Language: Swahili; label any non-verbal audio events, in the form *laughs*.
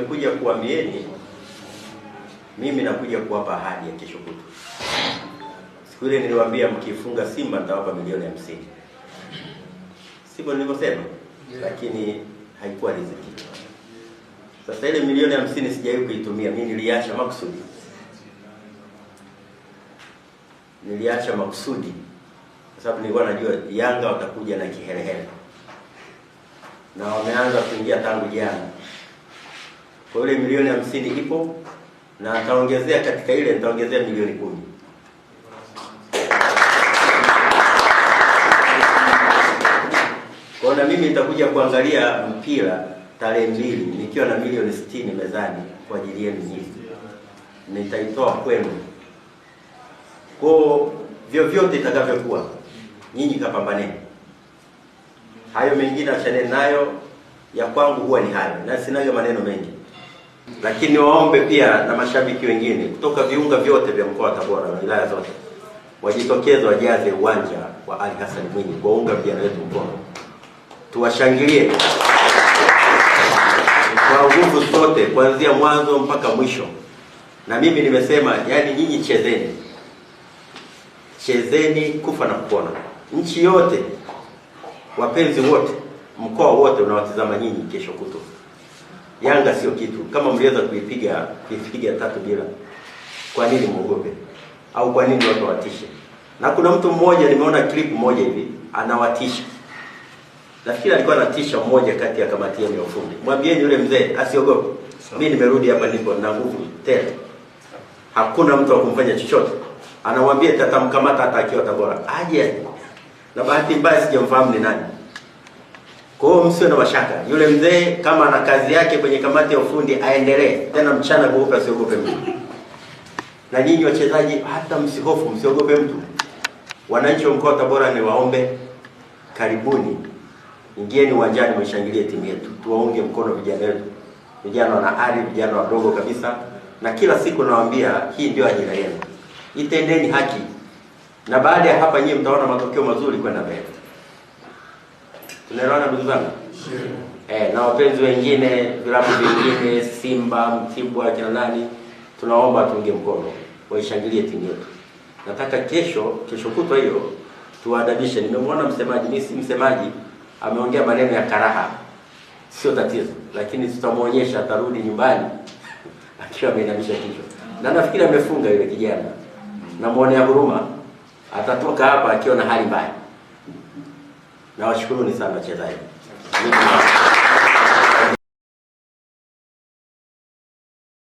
nimekuja kuambieni, mimi nakuja kuwapa ahadi ya kesho kutu. Siku ile niliwaambia mkifunga Simba nitawapa milioni hamsini, sivyo nilivyosema? Yeah. Lakini haikuwa riziki. Sasa ile milioni hamsini sijawahi kuitumia mimi, niliacha makusudi, niliacha makusudi kwa sababu nilikuwa najua Yanga watakuja na kiherehere na wameanza kuingia tangu jana. Kwa ile milioni hamsini ipo na nitaongezea katika ile nitaongezea milioni kumi. Kwa na mimi nitakuja kuangalia mpira tarehe mbili nikiwa na milioni sitini mezani kwa ajili yenu nyinyi, nitaitoa kwenu kwa vyovyote itakavyokuwa, nyinyi kapambaneni. Hayo mengine achaneni nayo, ya kwangu huwa ni hayo, na sinayo maneno mengi. Lakini waombe pia na mashabiki wengine kutoka viunga vyote vya mkoa wa Tabora na wilaya zote wajitokeze wajaze uwanja wa Ali Hassan Mwinyi kuwaunga vijana wetu mkono, tuwashangilie kwa nguvu zote kuanzia mwanzo mpaka mwisho. Na mimi nimesema, yani nyinyi chezeni, chezeni kufa na kupona. Nchi yote, wapenzi wote, mkoa wote unawatizama nyinyi kesho kutu Yanga sio kitu. Kama mliweza kuipiga kuipiga tatu bila, kwa nini muogope? Au kwa nini watu watishe? Na kuna mtu mmoja nimeona clip moja hivi anawatisha, nafikiri alikuwa anatisha mmoja kati ya kamati ya ufundi. Mwambieni yule mzee asiogope, mimi nimerudi hapa, nipo na nguvu tena, hakuna mtu wa kumfanya chochote. Anamwambia tatamkamata hata akiwa Tabora aje. Na bahati mbaya sijamfahamu ni nani kwa hiyo msiwe na mashaka, yule mzee kama ana kazi yake kwenye kamati ya ufundi aendelee tena, mchana kuupe, asiogope mtu. Na nyinyi wachezaji, hata msihofu, msiogope mtu. Wananchi wa mkoa wa Tabora ni waombe, karibuni, ingieni uwanjani, mshangilie timu yetu, tuwaunge mkono vijana wetu, vijana wana ari, vijana wadogo kabisa, na kila siku nawaambia hii ndio ajira yenu, itendeni haki, na baada ya hapa nyinyi mtaona matokeo mazuri kwenda mbele. Unaelewana ndugu zangu? Eh, na wapenzi wengine vilabu vingine Simba, Mtibwa, kina nani, tunaomba tuunge mkono, waishangilie timu yetu. Nataka kesho, kesho kutwa hiyo tuadabishe. Nimemwona msemaji, mimi si msemaji, ameongea maneno ya karaha, sio tatizo, lakini tutamwonyesha, atarudi nyumbani *laughs* akiwa ameinamisha kichwa, na nafikiri amefunga yule kijana, namwonea huruma, atatoka hapa akiwa na hali mbaya. Nawashukuruni sana wachezaji.